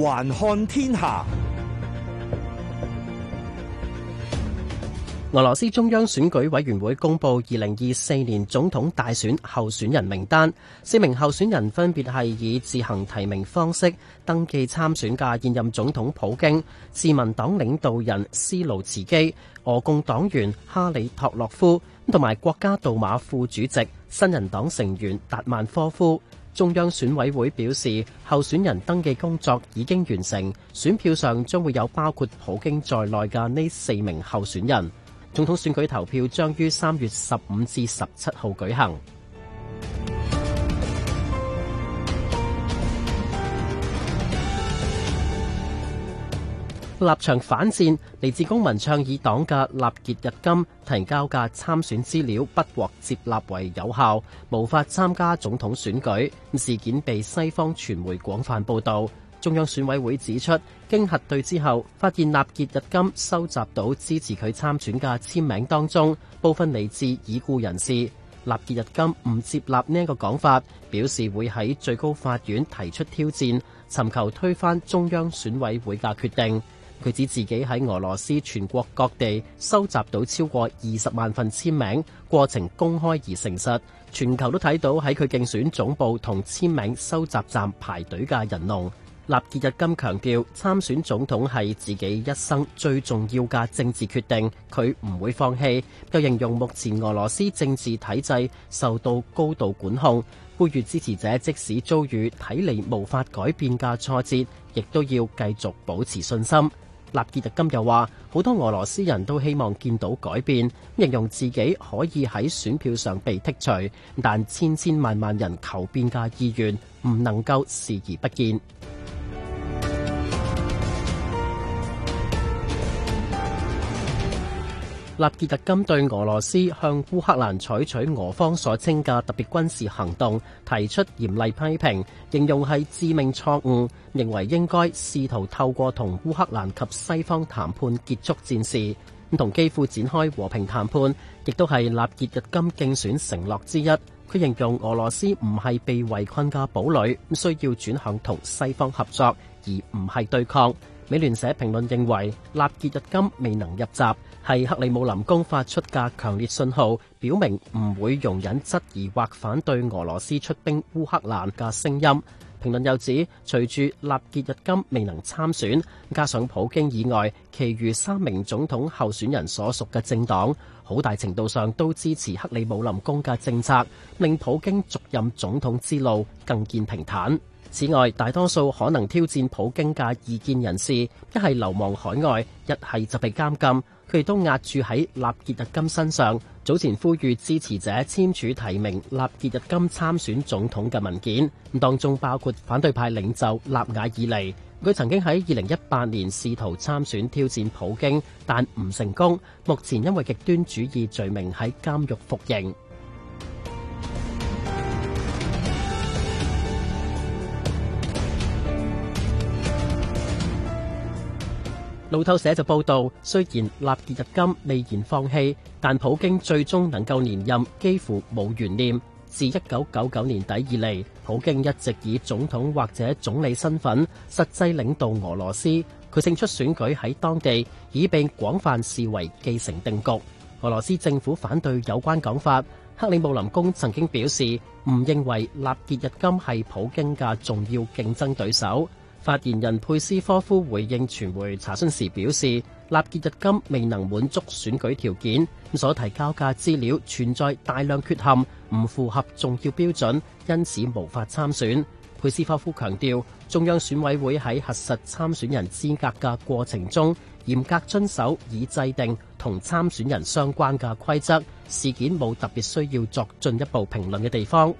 環看天下。俄羅斯中央選舉委員會公布二零二四年總統大選候選人名單，四名候選人分別係以自行提名方式登記參選嘅現任總統普京、自民黨領導人斯盧茨基、俄共黨員哈里托洛夫，同埋國家杜馬副主席、新人黨成員達曼科夫。中央選委會表示，候選人登記工作已經完成，選票上將會有包括普京在內嘅呢四名候選人。總統選舉投票將於三月十五至十七號舉行。立場反戰，嚟自公民倡議黨嘅納傑日金提交嘅參選資料不獲接納為有效，無法參加總統選舉。事件被西方傳媒廣泛報導。中央選委會指出，經核對之後，發現納傑日金收集到支持佢參選嘅簽名當中，部分嚟自已故人士。納傑日金唔接納呢個講法，表示會喺最高法院提出挑戰，尋求推翻中央選委會嘅決定。佢指自己喺俄羅斯全國各地收集到超過二十萬份簽名，過程公開而誠實，全球都睇到喺佢競選總部同簽名收集站排隊嘅人龍。納傑日金強調，參選總統係自己一生最重要嘅政治決定，佢唔會放棄。又形容目前俄羅斯政治體制受到高度管控，呼籲支持者即使遭遇睇嚟無法改變嘅挫折，亦都要繼續保持信心。納傑日金又話：好多俄羅斯人都希望見到改變，形容自己可以喺選票上被剔除，但千千萬萬人求變嘅意願唔能夠視而不見。納傑日金對俄羅斯向烏克蘭採取俄方所稱嘅特別軍事行動提出嚴厲批評，形容係致命錯誤，認為應該試圖透過同烏克蘭及西方談判結束戰事，咁同基輔展開和平談判，亦都係納傑日金競選承諾之一。佢形容俄羅斯唔係被圍困嘅堡壘，需要轉向同西方合作，而唔係對抗。美聯社評論認為，納傑日金未能入閘，係克里姆林宮發出嘅強烈信號，表明唔會容忍質疑或反對俄羅斯出兵烏克蘭嘅聲音。評論又指，隨住納傑日金未能參選，加上普京以外其餘三名總統候選人所屬嘅政黨，好大程度上都支持克里姆林宮嘅政策，令普京續任總統之路更見平坦。此外，大多數可能挑戰普京嘅意見人士，一係流亡海外，一係就被監禁。佢哋都押注喺納傑日金身上。早前呼籲支持者簽署提名納傑日金參選總統嘅文件，不當中包括反對派領袖納瓦爾尼。佢曾經喺二零一八年試圖參選挑戰普京，但唔成功。目前因為極端主義罪名喺監獄服刑。路透社就報道，雖然納傑日金未然放棄，但普京最終能夠連任幾乎冇懸念自發言人佩斯科夫回應傳媒查詢時表示，納傑日金未能滿足選舉條件，所提交嘅資料存在大量缺陷，唔符合重要標準，因此無法參選。佩斯科夫強調，中央選委會喺核實參選人資格嘅過程中，嚴格遵守已制定同參選人相關嘅規則，事件冇特別需要作進一步評論嘅地方。